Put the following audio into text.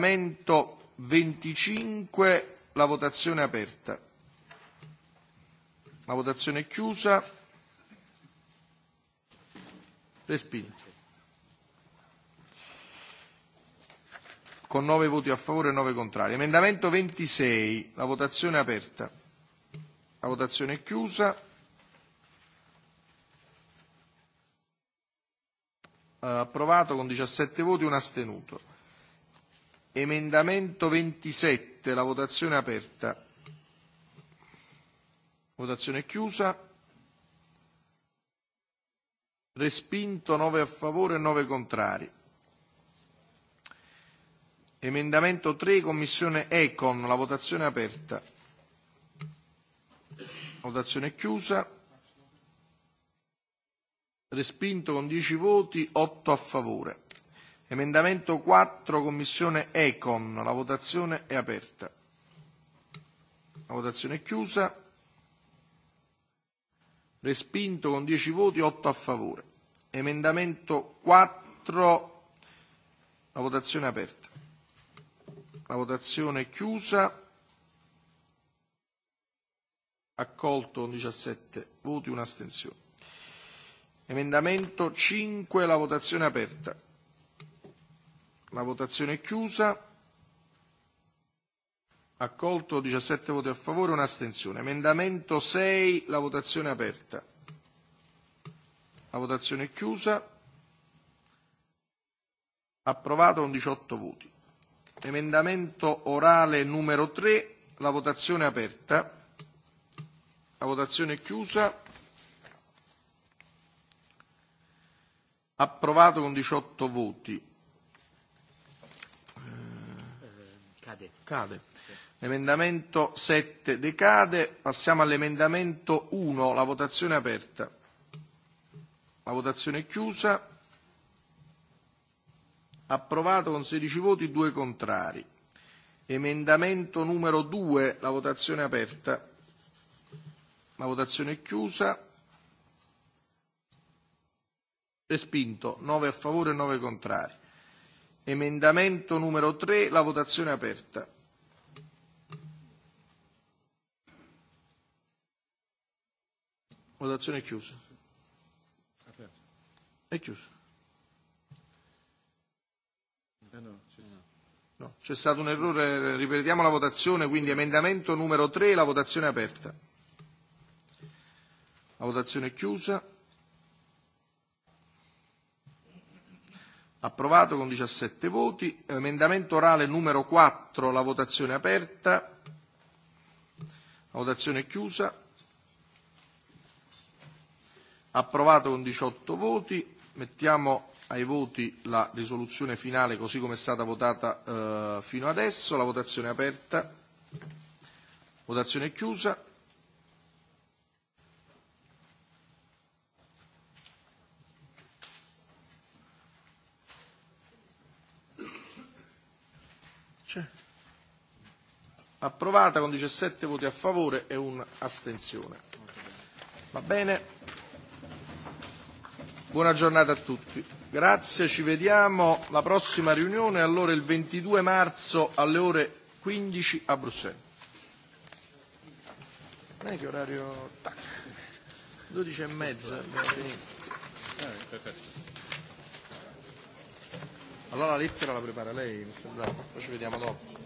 Emendamento 25, la votazione è aperta. La votazione è chiusa. Respinto. Con 9 voti a favore e 9 contrari. Emendamento 26, la votazione è aperta. La votazione è chiusa. approvato con 17 voti e un astenuto. Emendamento 27, la votazione è aperta. Votazione chiusa. Respinto 9 a favore e 9 contrari. Emendamento 3, Commissione Econ, la votazione è aperta. Votazione chiusa. Respinto con 10 voti, 8 a favore. Emendamento 4, Commissione Econ. La votazione è aperta. La votazione è chiusa. Respinto con 10 voti, 8 a favore. Emendamento 4, la votazione è aperta. La votazione è chiusa. Accolto con 17 voti, un'astensione. Emendamento 5, la votazione è aperta. La votazione è chiusa. Accolto 17 voti a favore, un'astensione. Emendamento 6, la votazione è aperta. La votazione è chiusa. Approvato con 18 voti. Emendamento orale numero 3, la votazione è aperta. La votazione è chiusa. Approvato con 18 voti. Cade. Cade. L'emendamento 7 decade. Passiamo all'emendamento 1. La votazione è aperta. La votazione è chiusa. Approvato con 16 voti, 2 contrari. Emendamento numero 2, la votazione è aperta. La votazione è chiusa. Respinto, 9 a favore e 9 contrari. Emendamento numero 3, la votazione è aperta. Votazione è chiusa. È chiusa. Eh, no, c'è stato un errore, ripetiamo la votazione, quindi emendamento numero 3, la votazione è aperta. La votazione è chiusa. Approvato con 17 voti. Emendamento orale numero 4, la votazione è aperta. La votazione è chiusa. Approvato con 18 voti. Mettiamo ai voti la risoluzione finale così come è stata votata eh, fino adesso. La votazione è aperta. Votazione è chiusa. C'è. Approvata con 17 voti a favore e un'astensione. Va bene? Buona giornata a tutti. Grazie, ci vediamo La prossima riunione, allora il 22 marzo alle ore 15 a Bruxelles. Non è che orario... Tac. 12 e mezza. Eh, eh, perfetto. Allora la lettera la prepara lei, mi sembra, poi ci vediamo dopo.